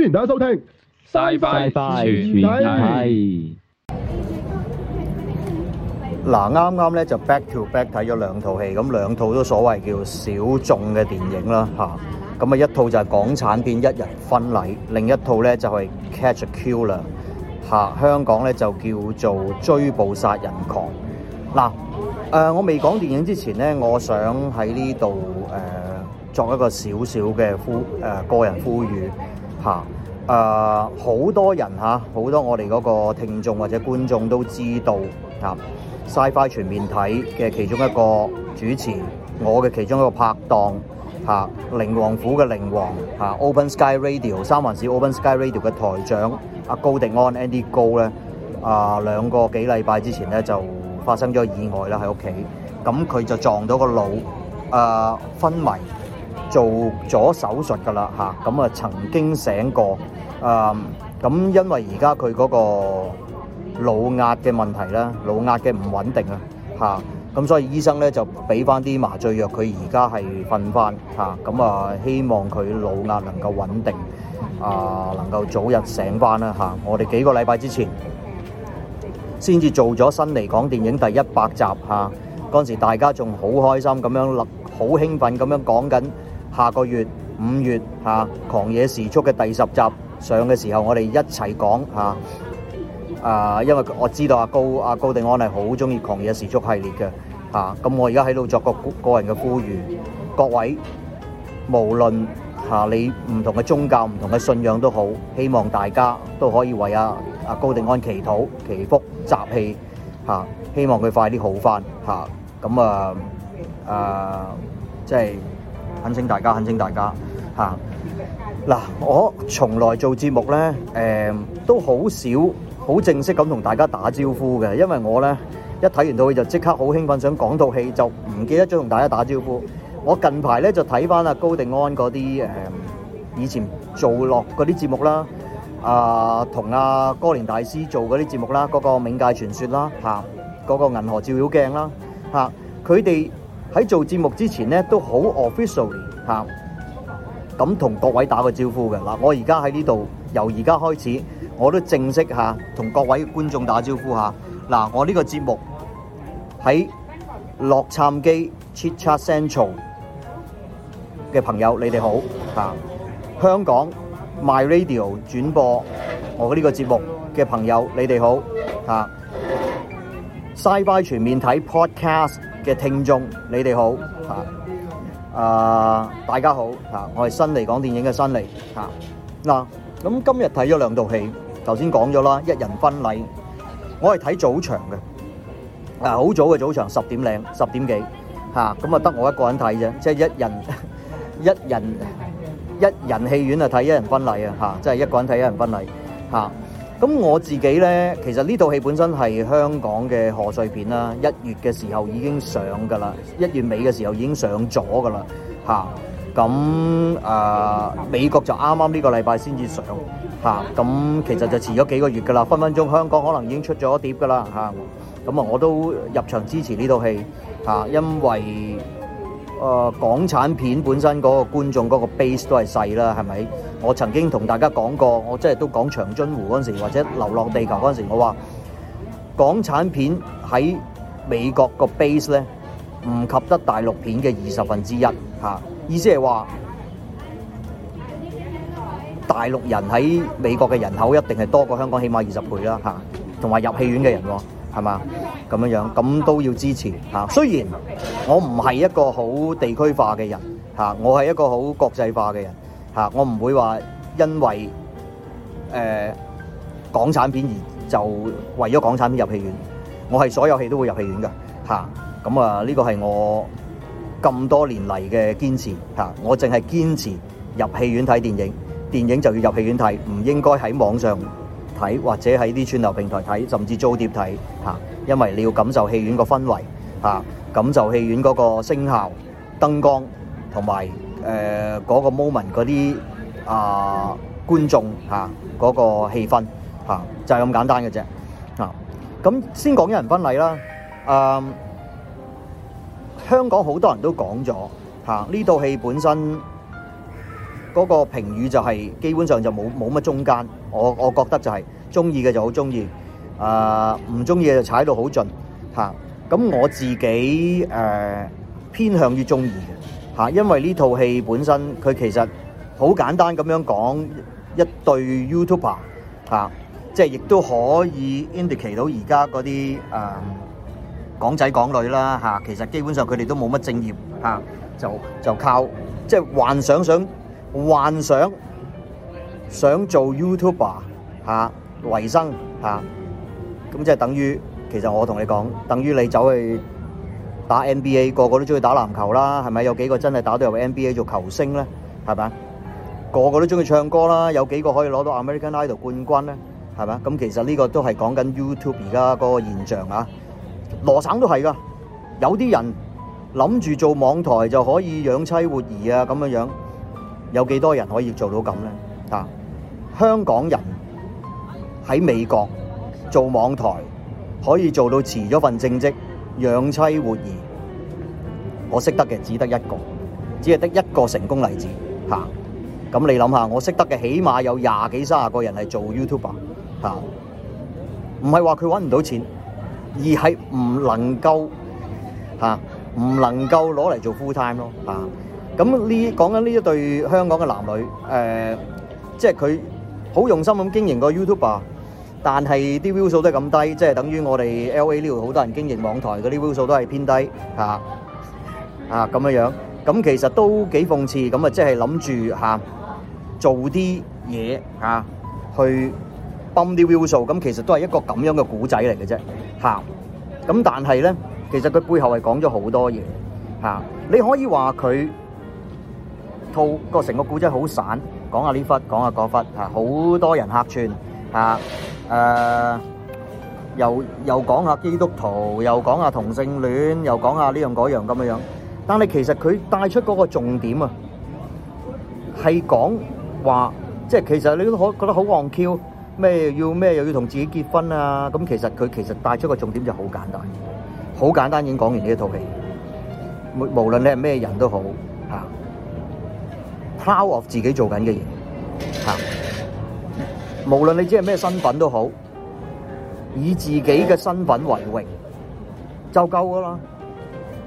歡迎大家收聽，拜拜拜拜。嗱，啱啱咧就 back to back 睇咗兩套戲，咁兩套都所謂叫小眾嘅電影啦，吓。咁啊，一套就係港產片《一人婚禮》，另一套咧就係《Catch a Killer》啦，吓。香港咧就叫做《追捕殺人狂》。嗱，誒，我未講電影之前咧，我想喺呢度誒作一個少少嘅呼誒個人呼籲。吓、啊！好多人，好多我哋嗰個聽眾或者觀眾都知道，SciFi 全面睇嘅其中一個主持，我嘅其中一個拍檔吓，寧、啊、王府嘅寧王、啊、Open Sky Radio 三藩市 Open Sky Radio 嘅台長阿、啊、高迪安 Andy 高咧、啊，啊兩個幾禮拜之前咧就發生咗意外啦喺屋企，咁佢就撞到個腦，誒、啊、昏迷。做咗手術噶啦嚇，咁啊曾經醒過，咁因為而家佢嗰個腦壓嘅問題啦，腦壓嘅唔穩定啊嚇，咁所以醫生咧就俾翻啲麻醉藥，佢而家係瞓翻嚇，咁啊希望佢腦壓能夠穩定啊，能夠早日醒翻啦嚇。我哋幾個禮拜之前先至做咗辛尼講電影第一百集嚇，嗰陣時大家仲好開心咁樣好興奮咁樣講緊。下個月五月嚇、啊、狂野時速嘅第十集上嘅時候，我哋一齊講嚇。啊，因為我知道阿高阿高定安係好中意《狂野時速》系列嘅嚇。咁、啊、我而家喺度作個個人嘅孤語，各位無論嚇、啊、你唔同嘅宗教、唔同嘅信仰都好，希望大家都可以為阿、啊、阿高定安祈禱、祈福、集氣嚇、啊。希望佢快啲好翻嚇。咁啊啊，啊，即係。謹請大家，謹請大家嚇！嗱、啊，我從來做節目咧，誒、嗯、都好少好正式咁同大家打招呼嘅，因為我咧一睇完到佢就即刻好興奮想講套戲，就唔記得咗同大家打招呼。我近排咧就睇翻阿高定安嗰啲誒以前做落嗰啲節目啦，啊同阿、啊、哥連大師做嗰啲節目啦，嗰、那個《冥界傳說》啦、啊、嚇，嗰、那個《銀河照妖鏡》啦、啊、嚇，佢哋。喺做節目之前咧，都好 officially 嚇，咁同各位打個招呼嘅。嗱，我而家喺呢度，由而家開始，我都正式嚇同各位觀眾打招呼嚇。嗱，我呢個節目喺洛杉磯 Chit Chat Central 嘅朋友，你哋好嚇；香港 My Radio 轉播我呢個節目嘅朋友，你哋好嚇。SciFi 全面睇 podcast。嘅聽眾，你哋好嚇，啊大家好嚇，我係辛尼講電影嘅辛尼嚇。嗱，咁今日睇咗兩套戲，頭先講咗啦，《一人婚禮》，我係睇早場嘅，嗱好早嘅早場，十點零、十點幾嚇，咁啊，得我一個人睇啫，即係一人一人一人戲院啊睇《一人婚禮》啊嚇，即係一個人睇《一人婚禮》嚇。咁我自己咧，其實呢套戲本身係香港嘅賀歲片啦，一月嘅時候已經上㗎啦，一月尾嘅時候已經上咗㗎啦，嚇、啊。咁、啊、誒美國就啱啱呢個禮拜先至上，嚇、啊。咁其實就遲咗幾個月㗎啦，分分鐘香港可能已經出咗碟㗎啦，嚇。咁啊，我都入場支持呢套戲，因為誒、啊、港產片本身嗰個觀眾嗰個 base 都係細啦，係咪？我曾經同大家講過，我真係都講長津湖嗰陣時，或者流浪地球嗰陣時，我話港產片喺美國個 base 吓！我唔會話因為誒、呃、港產片而就為咗港產片入戲院，我係所有戲都會入戲院㗎吓。咁啊，呢個係我咁多年嚟嘅堅持吓。我淨係堅持入戲院睇電影，電影就要入戲院睇，唔應該喺網上睇或者喺啲串流平台睇，甚至租碟睇吓。因為你要感受戲院個氛圍吓，感受戲院嗰個聲效、燈光同埋，誒、呃、嗰、嗰個 moment 嗰啲啊觀眾嚇嗰、啊嗰個氣氛、啊、就係、係、咁簡單嘅啫。咁先講一人婚禮啦，啊，香港好多人都講咗嚇，呢套戲本身嗰、嗰個評語就係、係、基本上就冇冇乜中間，我我覺得就係中意嘅就好中意啊，唔中意嘅就踩到好盡咁、啊、我自己誒、啊、偏向於中意嘅。啊，因為呢套戲本身佢其實好簡單咁樣講一對 YouTuber，啊，即係亦都可以 indicate 到而家嗰啲啊港仔港女啦，嚇，其實基本上佢哋都冇乜正業，嚇，就就靠即係幻想想幻想想做 YouTuber 嚇為生嚇，咁即係等於其實我同你講，等於你走去打 NBA，個個都中意打籃球，係咪？有幾個真係打到入 NBA 做球星呢？係咪？個個都中意唱歌啦，有幾個可以攞到 American Idol 養妻活兒，我識得嘅只得一個，只係得一個成功例子。吓、啊，咁你諗下，我識得嘅起碼有廿幾卅個人係做 YouTuber 唔、啊、係話佢搵唔到錢，而係唔能夠吓，唔、啊、能夠攞嚟做 full time 咯、啊。吓，咁呢講緊呢一對香港嘅男女，誒、呃，即係佢好用心咁經營個 YouTuber 但係啲 view 數都係咁低，即係等於我哋 L.A. 呢度好多人經營網台嗰啲 view 數都係偏低嚇，啊咁樣樣，咁其實都幾諷刺，咁啊即係諗住嚇做啲嘢嚇去泵啲 view 數，咁其實都係一個咁樣嘅古仔嚟嘅啫嚇。咁但係咧，其實佢背後係講咗好多嘢嚇，你可以話佢套個成個古仔好散，講下呢忽，講下嗰忽，嚇好多人客串嚇。誒，又又講下基督徒，又講下同性戀，又講下呢樣嗰樣咁嘅樣。但係其實佢帶出嗰個重點啊，係講話，即係其實你都可覺得好戇鳩，咩要咩又要同自己結婚啊？咁其實佢其實帶出個重點就好簡單，好簡單已經講完呢一套戲。無論你係咩人都好，吓，proud of 自己做緊嘅嘢，吓。無論你即係咩身份都好，以自己嘅身份為榮就夠噶啦，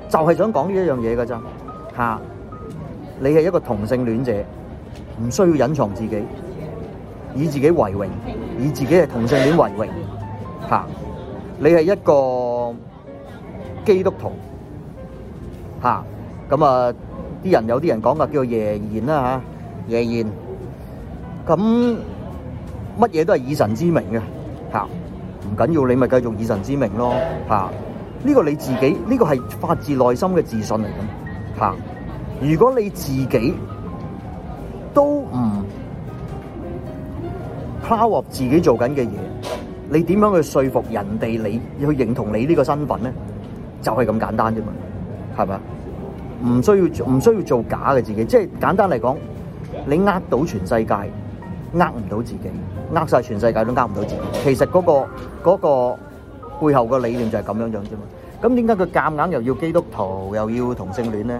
就係、就是、想講呢一樣嘢噶咋吓？你係一個同性戀者，唔需要隱藏自己，以自己為榮，以自己嘅同性戀為榮吓、啊。你係一個基督徒吓，咁啊啲、啊、人有啲人講噶叫做耶言啦吓，耶、啊、言咁。乜嘢都係以神之名嘅，吓唔緊要，你咪繼續以神之名咯，吓呢個你自己呢個係發自內心嘅自信嚟嘅，吓如果你自己都唔 power 自己做緊嘅嘢，你點樣去說服人哋你去認同你呢個身份呢？就係咁簡單啫嘛，係咪？唔需要唔需要做假嘅自己，即係簡單嚟講，你呃到全世界，呃唔到自己。呃晒全世界都呃唔到自己，其實嗰個嗰個背後個理念就係咁樣樣啫嘛。咁點解佢夾硬又要基督徒又要同性戀咧？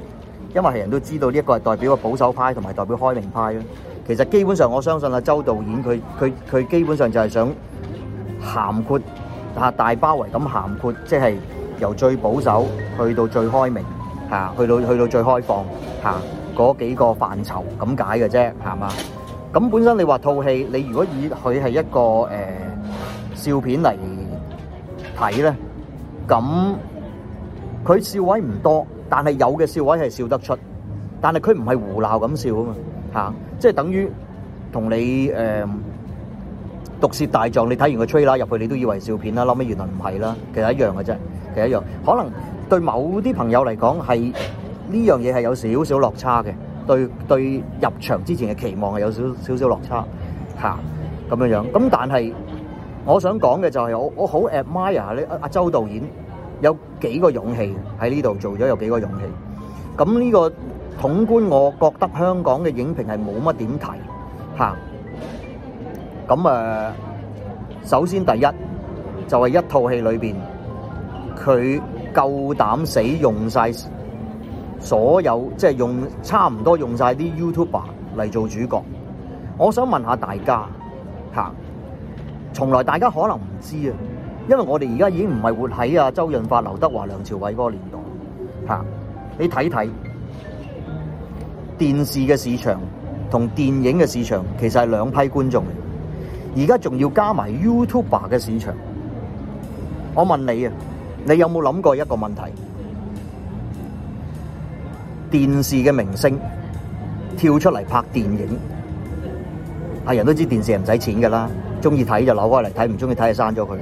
因為係人都知道呢一個係代表個保守派同埋代表開明派咯。其實基本上我相信阿周導演佢佢佢基本上就係想涵括吓大包圍咁涵括，即係由最保守去到最開明吓，去到去到最開放吓嗰幾個範疇咁解嘅啫，係嘛？咁本身你話套戲，你如果以佢係一個誒、呃、笑片嚟睇咧，咁佢笑位唔多，但係有嘅笑位係笑得出，但係佢唔係胡鬧咁笑啊嘛，嚇，即係等於同你誒毒舌、呃、大狀，你睇完個 trailer 入去，你都以為笑片啦，諗起原來唔係啦，其實一樣嘅啫，其實一樣，可能對某啲朋友嚟講係呢樣嘢係有少少落差嘅。對，對入場之前嘅期望係有少少少落差嚇咁樣樣。咁但係我想講嘅就係我我好 admire 呢阿周導演有幾個勇氣喺呢度做咗有幾個勇氣。咁呢個統觀，我覺得香港嘅影評係冇乜點提嚇。咁誒，首先第一就係、是、一套戲裏面，佢夠膽死用曬所有即係用差唔多用晒啲 YouTuber 嚟做主角，我想問下大家吓，從來大家可能唔知啊，因為我哋而家已經唔係活喺啊周潤發、劉德華、梁朝偉嗰個年代吓，你睇睇電視嘅市場同電影嘅市場，其實係兩批觀眾嚟，而家仲要加埋 YouTuber 嘅市場，我問你啊，你有冇諗過一個問題？電視嘅明星跳出嚟拍電影，係人都知電視唔使錢㗎啦，鍾意睇就扭開嚟睇，唔鍾意睇就刪咗佢。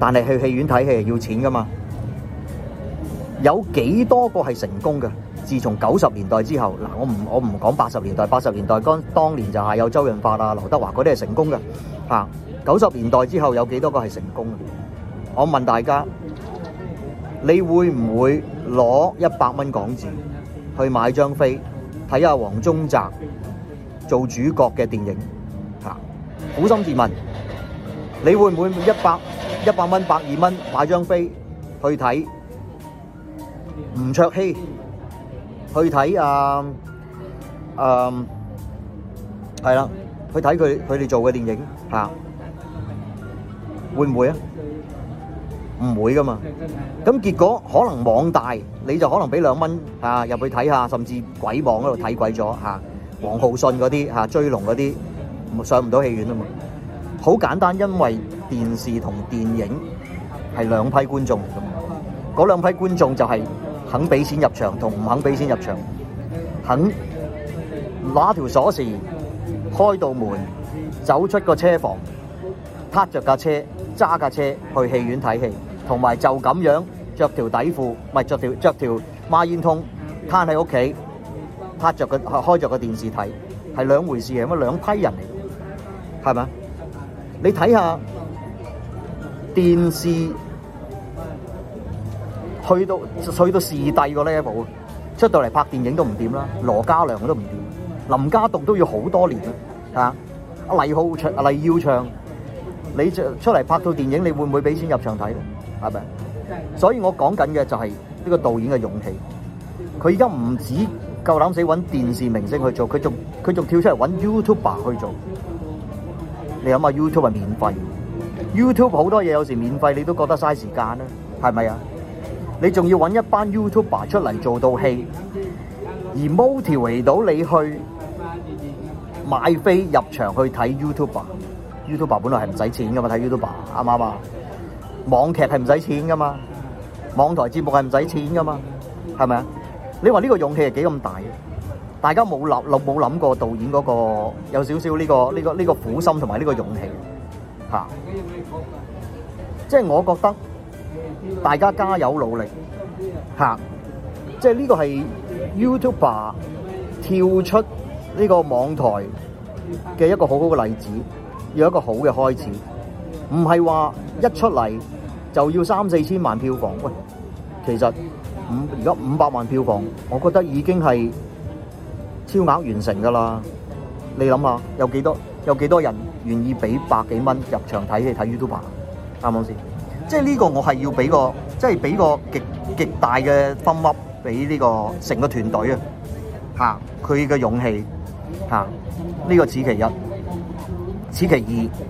但係去戲院睇戲係要錢㗎嘛？有幾多個係成功嘅？自從九十年代之後，嗱我唔我唔講八十年代，八十年代當年就係有周潤發啊、劉德華嗰啲係成功嘅。九十年代之後有幾多個係成功？我問大家，你會唔會攞一百蚊港紙？去買張飛睇下黃宗澤做主角嘅電影吓，捫心自問你會唔會一百一百蚊百二蚊買張飛去睇吳卓羲去睇啊啊係啦去睇佢佢哋做嘅電影吓會唔會啊？唔會噶嘛，咁結果可能網大你就可能俾兩蚊啊入去睇下，甚至鬼網嗰度睇鬼咗吓王浩信嗰啲追龍嗰啲上唔到戲院啊嘛，好簡單，因為電視同電影係兩批觀眾，嗰兩批觀眾就係肯俾錢入場同唔肯俾錢入場，肯拿條鎖匙開道門走出個車房，撻着架車揸架車,車去戲院睇戲。同埋就咁樣著條底褲，唔係著條著條孖煙筒攤喺屋企，拍著個開著個電視睇，係兩回事嘅，咁兩批人嚟，係咪？你睇下電視去到去到視帝個 level，出到嚟拍電影都唔掂啦。羅嘉良都唔掂，林家棟都要好多年啊。阿黎浩長、黎耀祥，你出嚟拍套電影，你會唔會俾錢入場睇咧？係咪？所以我講緊嘅就係呢個導演嘅勇氣。佢而家唔止夠膽死揾電視明星去做，佢仲佢仲跳出嚟揾 YouTuber 去做。你諗下 YouTube 係免費，YouTube 好多嘢有時免費你都覺得嘥時間啦，係咪啊？你仲要揾一班 YouTuber 出嚟做道具，而 motivate 到你去買飛入場去睇 YouTuber。YouTuber 本來係唔使錢㗎嘛，睇 YouTuber 啱唔啱啊？網劇係唔使錢㗎嘛，網台節目係唔使錢㗎嘛，係咪啊？你話呢個勇氣係幾咁大？大家冇諗過冇諗過導演嗰個有少少呢個呢個呢個苦心同埋呢個勇氣，吓，即係我覺得大家加油努力，吓，即係呢個係 YouTuber 跳出呢個網台嘅一個好好嘅例子，要一個好嘅開始。唔係話一出嚟就要三四千萬票房，喂，其實五而家五百萬票房，我覺得已經係超額完成㗎啦。你諗下，有幾多有幾多人願意俾百幾蚊入場睇戲睇 YouTuber？啱唔啱先？即係呢個我係要俾個即係俾個極極大嘅分 up 俾呢個成個團隊的啊！嚇，佢嘅勇氣嚇，呢、啊呢個此其一，此其二。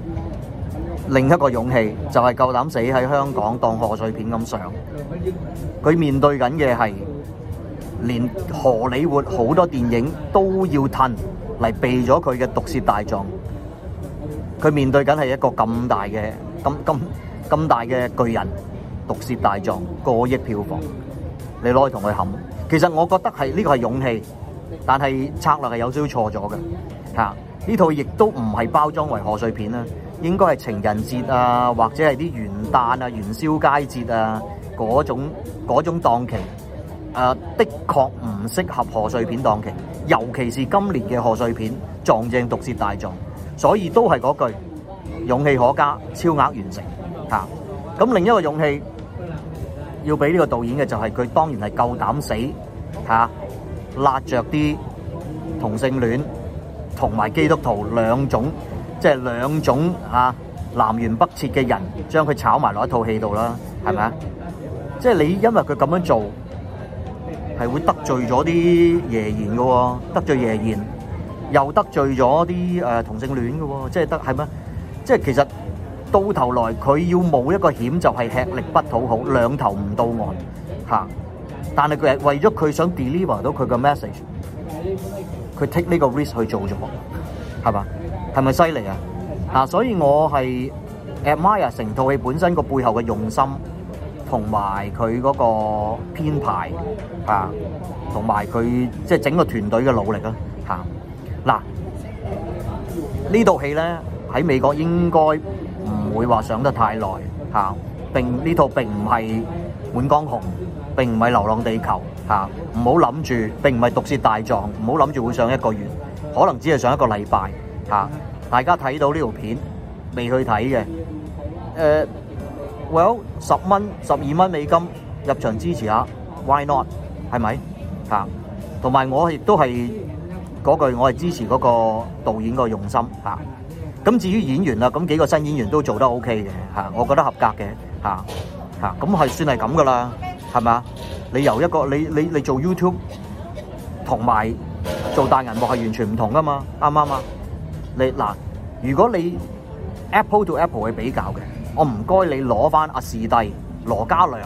另一個勇氣就係夠膽死喺香港當賀歲片咁上，佢面對緊嘅係連荷里活好多電影都要褪嚟避咗佢嘅毒舌大狀。佢面對緊係一個咁大嘅咁咁咁大嘅巨人毒舌大狀，過億票房你攞去同佢冚。其實我覺得係呢個係勇氣，但係策略係有少少錯咗嘅。嚇，呢套亦都唔係包裝為賀歲片啦。應該係情人節啊，或者係元旦啊，元宵佳節啊，嗰種，嗰種檔期，的確唔適合賀歲片檔期，尤其是今年的賀歲片，撞正毒舌大狀，所以都係嗰句，勇氣可嘉，超額完成。咁另一個勇氣，要俾呢個導演的就是，佢當然係夠膽死，揦著啲，同性戀，同埋基督徒，兩種，即係兩種啊南轅北轍嘅人，將佢炒埋落一套戲度啦，係咪啊？即係你因為佢咁樣做，係會得罪咗啲耶言嘅喎，得罪耶言，又得罪咗啲誒同性戀嘅喎，即係得係咩？即係其實到頭來佢要冒一個險，就係吃力不討好，兩頭唔到岸嚇。但係佢係為咗佢想 deliver 到佢嘅 message，佢 take 呢個 risk 去做咗，係嘛？係咪犀利啊？啊，所以我係 admire 成套戲本身個背後嘅用心，同埋佢嗰個編排啊，同埋佢即係整個團隊嘅努力啦。吓、啊，嗱、啊，呢套戲咧喺美國應該唔會話上得太耐吓、啊，並呢套並唔係滿江紅，並唔係流浪地球吓，唔好諗住，並唔係毒舌大狀，唔好諗住會上一個月，可能只係上一個禮拜。嚇！大家睇到呢條片未去睇嘅？誒，Well，十蚊十二蚊美金入場支持下，Why not？係咪？嚇！同埋我亦都係嗰句，我係支持嗰個導演個用心嚇。咁至於演員啦，咁幾個新演員都做得 OK 嘅嚇，我覺得合格嘅嚇嚇。咁係算係咁㗎啦，係咪啊？你由一個你你你做 YouTube 同埋做大銀幕係完全唔同㗎嘛？啱唔啱啊？你嗱，如果你 Apple to Apple 去比較嘅，我唔該你攞翻阿士帝、羅嘉良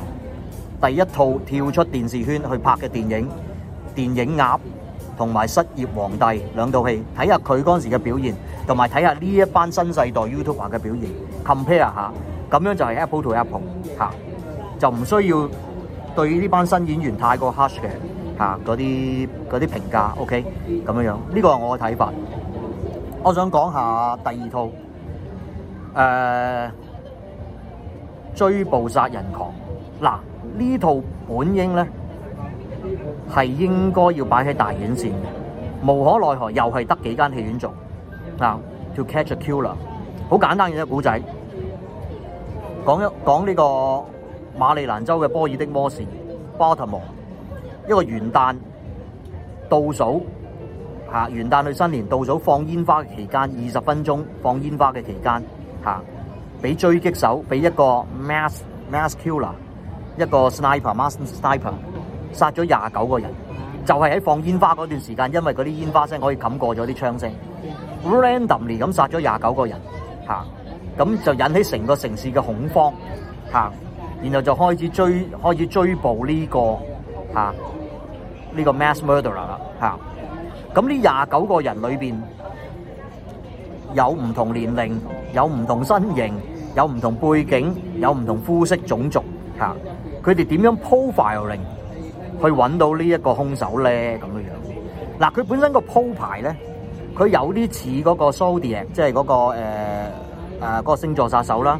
第一套跳出電視圈去拍嘅電影《電影鴨》同埋《失業皇帝》兩套戲，睇下佢嗰陣時嘅表現，同埋睇下呢一班新世代 YouTuber 嘅表現，compare 下，咁樣就係 Apple to Apple 就唔需要對呢班新演員太過 harsh 嘅嚇嗰啲啲評價，OK？咁樣樣呢個係我嘅睇法。我想講下第二套，誒、呃、追捕殺人狂。嗱，呢套本應咧係應該要擺喺大院線嘅，無可奈何又係得幾間戲院做。嗱，《To Catch a Killer》好簡單嘅一個故仔，講一講呢個馬利蘭州嘅波爾的摩士巴特摩一個元旦倒數。元旦去新年，到咗放煙花嘅期間，二十分鐘放煙花嘅期間，嚇，俾追擊手，俾一個 mass mass killer，一個 sniper mass sniper 殺咗廿九個人，就係喺放煙花嗰段時間，因為嗰啲煙花聲可以冚過咗啲槍聲，randomly 咁殺咗廿九個人，嚇，咁就引起成個城市嘅恐慌，嚇，然後就開始追開始追捕呢個嚇呢個 mass murderer 啦，嚇咁呢廿九個人裏面，有唔同年齡，有唔同身形，有唔同背景，有唔同膚色種族吓，佢哋點樣 profiling 去揾到呢一個兇手咧？咁嘅樣嗱，佢本身鋪牌呢個鋪排咧，佢有啲似嗰個 Zodiac，即係嗰個誒嗰個星座殺手啦，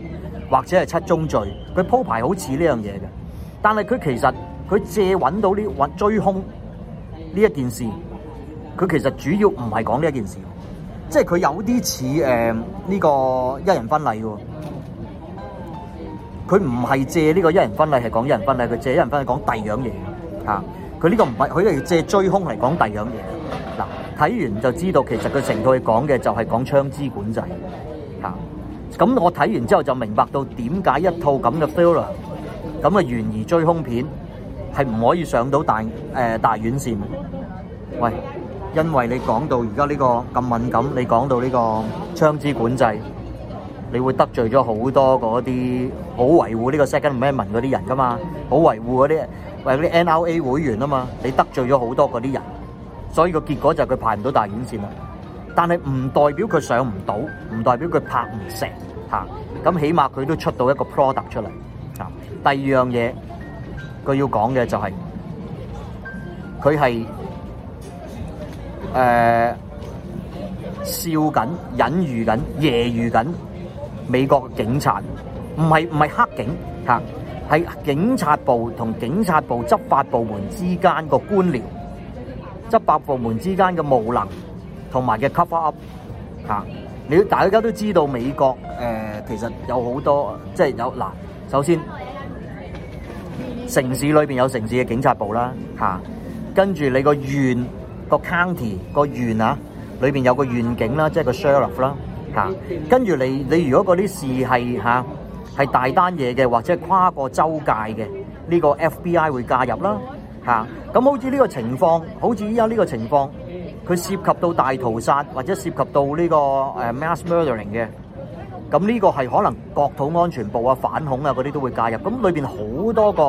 或者係七宗罪，佢鋪排好似呢樣嘢嘅。但係佢其實佢借揾到呢揾追兇呢一件事。佢其實主要唔係講呢一件事，即係佢有啲似誒呢個一人婚禮喎，佢唔係借呢個一人婚禮係講一人婚禮，佢借一人婚禮講第二樣嘢。佢呢個唔係，佢係借追兇嚟講第二樣嘢。嗱、啊，睇完就知道其實佢成套嘢講嘅就係講槍枝管制咁、啊、我睇完之後就明白到點解一套咁嘅 feel 咁嘅懸疑追兇片係唔可以上到大誒、呃、大院線喂！因為你講到而家呢個咁敏感，你講到呢個槍支管制，你會得罪咗好多嗰啲好維護呢個 Second Amendment 嗰啲人噶嘛，好維護嗰啲為嗰啲 NRA 會員啊嘛，你得罪咗好多嗰啲人，所以個結果就係佢排唔到大院線啦。但係唔代表佢上唔到，唔代表佢拍唔成嚇。咁起碼佢都出到一個 product 出嚟嚇。第二樣嘢，佢要講嘅就係佢係。誒笑緊、隱喻緊、夜喻緊美國警察，唔係唔係黑警嚇，係警察部同警察部執法部門之間個官僚，執法部門之間嘅無能同埋嘅 cover up 嚇，你大家都知道美國誒其實有好多即係有嗱，首先城市裏面有城市嘅警察部啦，嚇跟住你個縣。個 county 個縣啊，裏面有個願景啦，即係個 sheriff 啦嚇。跟住你你如果嗰啲事係係、啊、大單嘢嘅，或者跨過州界嘅，呢、呢個 FBI 會介入啦咁、啊、好似呢個情況，好似依家呢個情況，佢涉及到大屠殺或者涉及到呢個 mass murdering 嘅，咁呢個係可能國土安全部啊、反恐啊嗰啲都會介入。咁裏面好多個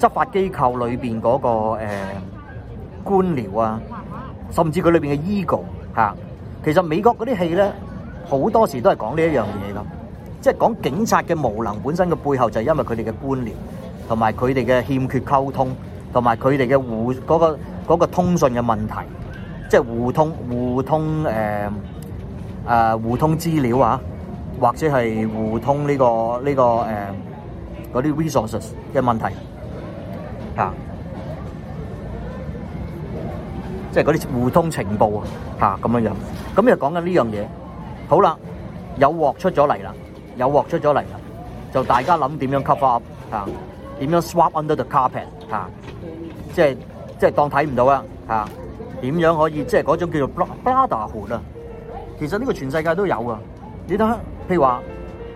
執法機構裏面嗰、嗰個、啊官僚啊，甚至佢裏邊嘅 ego 嚇，其實美國嗰啲戲咧好多時都係講呢一樣嘢㗎，即係講警察嘅無能本身嘅背後就係因為佢哋嘅官僚同埋佢哋嘅欠缺溝通同埋佢哋嘅互嗰個嗰個通訊嘅問題，即係互通互通誒誒互通資料啊，或者係互通呢個呢個誒嗰啲 resources 嘅問題嚇。即係嗰啲互通情報啊，嚇咁樣樣。咁又講緊呢樣嘢。好啦，有鑊出咗嚟啦，有鑊出咗嚟啦，就大家諗點樣 cover up 啊？點樣 swap under the carpet 啊？即係即係當睇唔到啊？嚇點樣可以即係嗰種叫做 brotherhood 啊？其實呢個全世界都有啊，你睇下，譬如話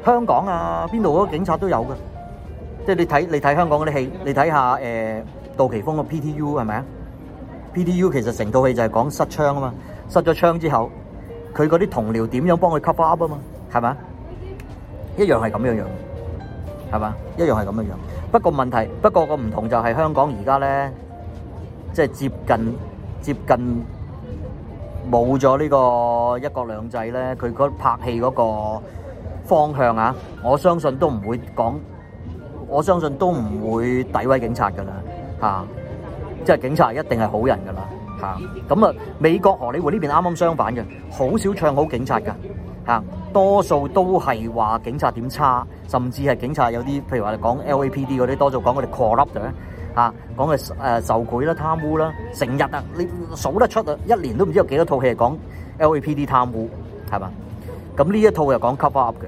香港啊，邊度嗰警察都有㗎。即係你睇你睇香港嗰啲戲，你睇下誒杜琪峰嘅 PTU 係咪啊？PTU 其實成套戲就係講失槍啊嘛，失咗槍之後，佢嗰啲同僚點樣幫佢 cover up 啊嘛，係咪？一樣係咁樣樣，係嘛？一樣係咁樣樣。不過問題，不過個唔同就係香港而家咧，即係接近接近冇咗呢個一國兩制咧，佢嗰拍戲嗰個方向啊，我相信都唔會講，我相信都唔會詆毀警察噶啦，嚇、啊。即係警察一定係好人㗎啦，咁啊！美國荷里活呢邊啱啱相反嘅，好少唱好警察㗎，多數都係話警察點差，甚至係警察有啲，譬如話你講 LAPD 嗰啲，多數講佢哋 corrupt，講嘅誒受賄啦、貪污啦，成日啊你數得出啊，一年都唔知有幾多套戲係講 LAPD 貪污，係嘛？咁呢一套又講 cover up 嘅，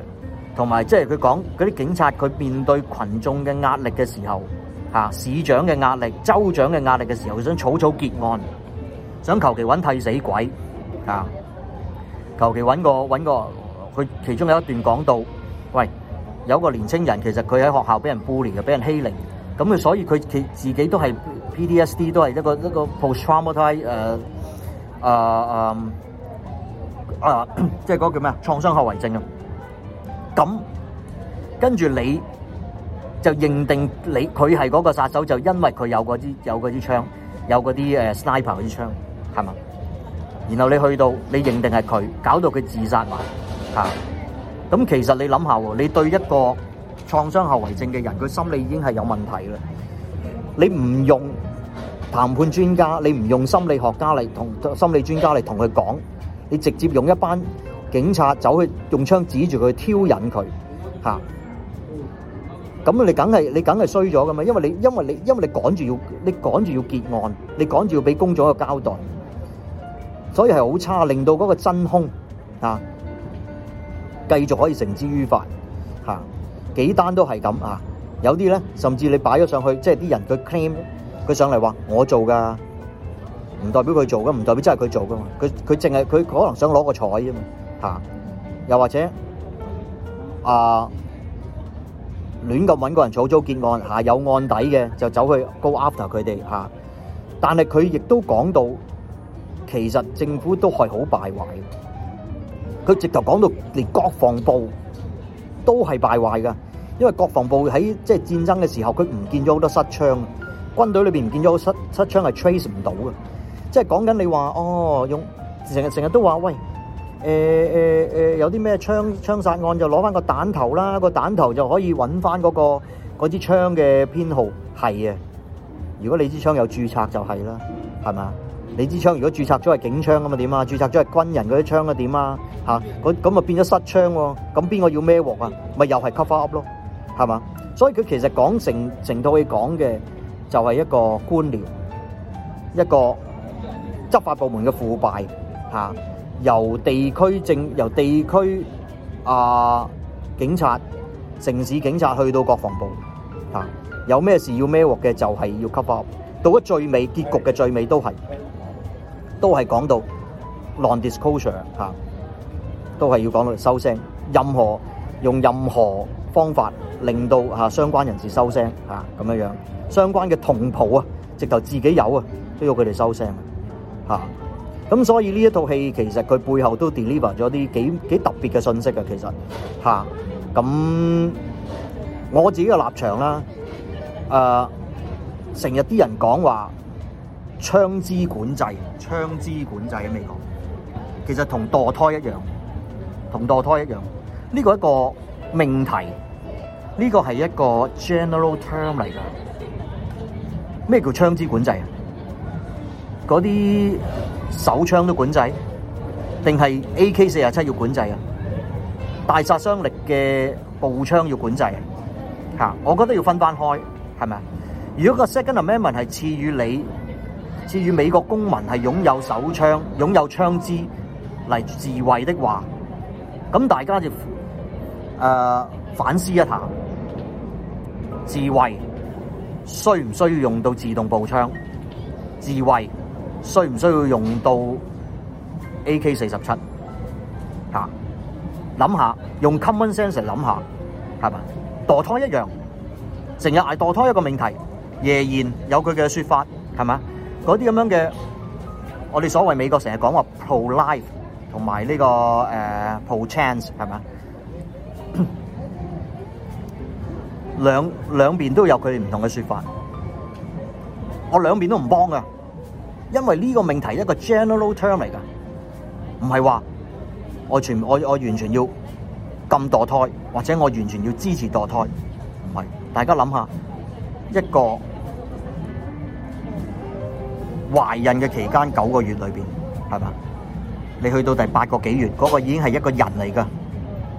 同埋即係佢講嗰啲警察佢面對群眾嘅壓力嘅時候。嚇市長嘅壓力、州長嘅壓力嘅時候，佢想草草結案，想求其揾替死鬼，嚇，求其揾個揾個佢其中有一段講到，喂，有一個年輕人，其實佢喺學校俾人 bully，又俾人欺凌，咁佢所以佢其自己都係 PDSD，都係一個一個 post-traumatic 誒誒誒誒，即係嗰個叫咩啊，創傷後遺症啊，咁跟住你。就認定，你，佢係嗰個殺手，就因為佢有嗰啲，有嗰啲槍，有嗰啲 sniper 啲槍，係咪？有那支然後你去到，你認定係佢，搞到佢自殺埋。咁其實你諗下喎，你對一個創傷後遺症嘅人，佢心理已經係有問題啦。你唔用談判專家，你唔用心理學家嚟，同，心理專家嚟同佢講，你直接用一班警察走去，用槍指住佢去挑引佢。咁你梗係你梗係衰咗噶嘛？因為你因為你因為你趕住要你趕住要結案，你趕住要俾公眾一個交代，所以係好差，令到嗰個真兇啊繼續可以繩之於法嚇。幾單都係咁啊！有啲咧，甚至你擺咗上去，即係啲人佢 claim 佢上嚟話我做噶，唔代表佢做噶，唔代表真係佢做噶嘛。佢佢淨係佢可能想攞個彩啊嘛嚇。又或者啊～亂咁搵個人草草結案嚇、啊，有案底嘅就走去 go after 佢哋、啊、但係佢亦都講到，其實政府都係好敗壞。佢直頭講到連國防部都係敗壞㗎，因為國防部喺即係戰爭嘅時候，佢唔見咗好多失槍，軍隊裏面唔見咗好多失槍係 trace 唔到嘅，即係講緊你話哦，用成日成日都話喂。誒誒誒，有啲咩槍槍殺案就攞翻個彈頭啦，個彈頭就可以揾翻嗰個嗰支槍嘅編號係啊。如果你支槍有註冊就係啦，係咪啊？你支槍如果註冊咗係警槍咁啊點啊？註冊咗係軍人嗰啲槍啊點啊？吓，咁咁啊變咗失槍，咁邊個要孭鑊啊？咪又係 cover up 咯，係嘛？所以佢其實講成成套嘢講嘅就係一個官僚，一個執法部門嘅腐敗，吓、啊。由地區政由地區啊，警察、城市警察去到國防部啊，有咩事要孭鑊嘅就係要 cover。到咗最尾結局嘅最尾都係，都係講到 non-disclosure 嚇、啊，都係要講到你收聲。任何用任何方法令到嚇、啊、相關人士收聲嚇，咁樣樣，相關嘅同袍啊，直頭自己有啊，都要佢哋收聲嚇。啊咁所以呢一套戲其實佢背後都 deliver 咗啲幾幾特別嘅信息嘅，其實吓，咁、啊、我自己嘅立場啦，誒、啊，成日啲人講話槍枝管制，槍枝管制嘅美國，其實同墮胎一樣，同墮胎一樣。呢個一個命題，呢個係一個 general term 嚟㗎。咩叫槍枝管制啊？嗰啲。手槍都管制，定係 AK 四十七要管制啊？大殺傷力嘅步槍要管制啊？嚇，我覺得要分翻開，係咪啊？如果個 Second Amendment 係授予你，授予美國公民係擁有手槍、擁有槍支嚟自衛的話，咁大家就誒、呃、反思一下，自衛需唔需要用到自動步槍？自衛？需唔需要用到 AK 四十七嚇？諗下用 common sense 諗下，係咪墮胎一樣？成日捱墮胎一個命題，夜宴有佢嘅說法，係嘛？嗰啲咁樣嘅，我哋所謂美國成日講話 pro life 同埋、這、呢個、uh, pro chance，係嘛？ 兩兩邊都有佢唔同嘅說法，我兩邊都唔幫㗎因為呢個命題一個 general term 嚟噶，唔係話我全我我完全要禁墮胎，或者我完全要支持墮胎。唔係，大家諗下一個懷孕嘅期間九個月裏邊，係嘛？你去到第八個幾月，嗰個已經係一個人嚟噶，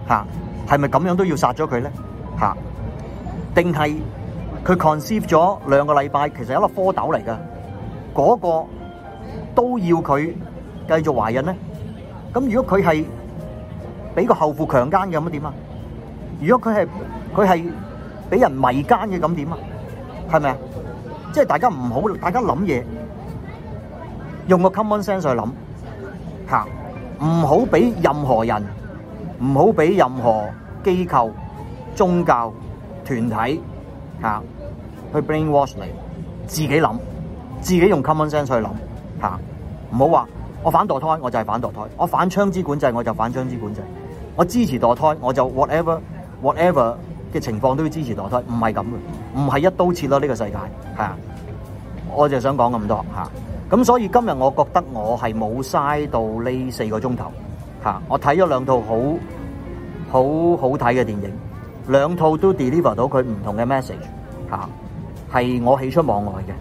嚇，係咪咁樣都要殺咗佢咧？嚇，定係佢 conceive 咗兩個禮拜，其實係一個蝌蚪嚟噶，嗰個？都要佢繼續懷孕咧？咁如果佢係俾個後父強姦嘅，咁點啊？如果佢係佢係俾人迷姦嘅，咁點啊？係咪啊？即係大家唔好，大家諗嘢用個 common sense 去諗吓，唔好俾任何人，唔好俾任何機構、宗教團體吓去 brainwash 你，自己諗，自己用 common sense 去諗。吓，唔好話我反墮胎，我就係反墮胎；我反槍枝管制，我就反槍枝管制。我支持墮胎，我就 whatever whatever 嘅情況都要支持墮胎，唔係咁嘅，唔係一刀切咯。呢個世界吓，我就想講咁多吓。咁所以今日我覺得我係冇嘥到呢四個鐘頭吓，我睇咗兩套好好好睇嘅電影，兩套都 deliver 到佢唔同嘅 message 吓，係我喜出望外嘅，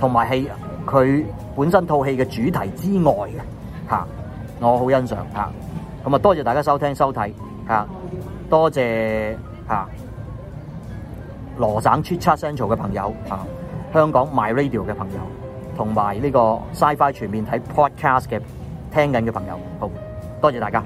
同埋係佢。本身套戲嘅主題之外嘅，吓我好欣賞吓，咁啊，多謝大家收聽收睇吓，多謝吓羅省出 h Central 嘅朋友吓，香港 My Radio 嘅朋友，同埋呢個 SciFi 全面睇 Podcast 嘅聽緊嘅朋友，好多謝大家。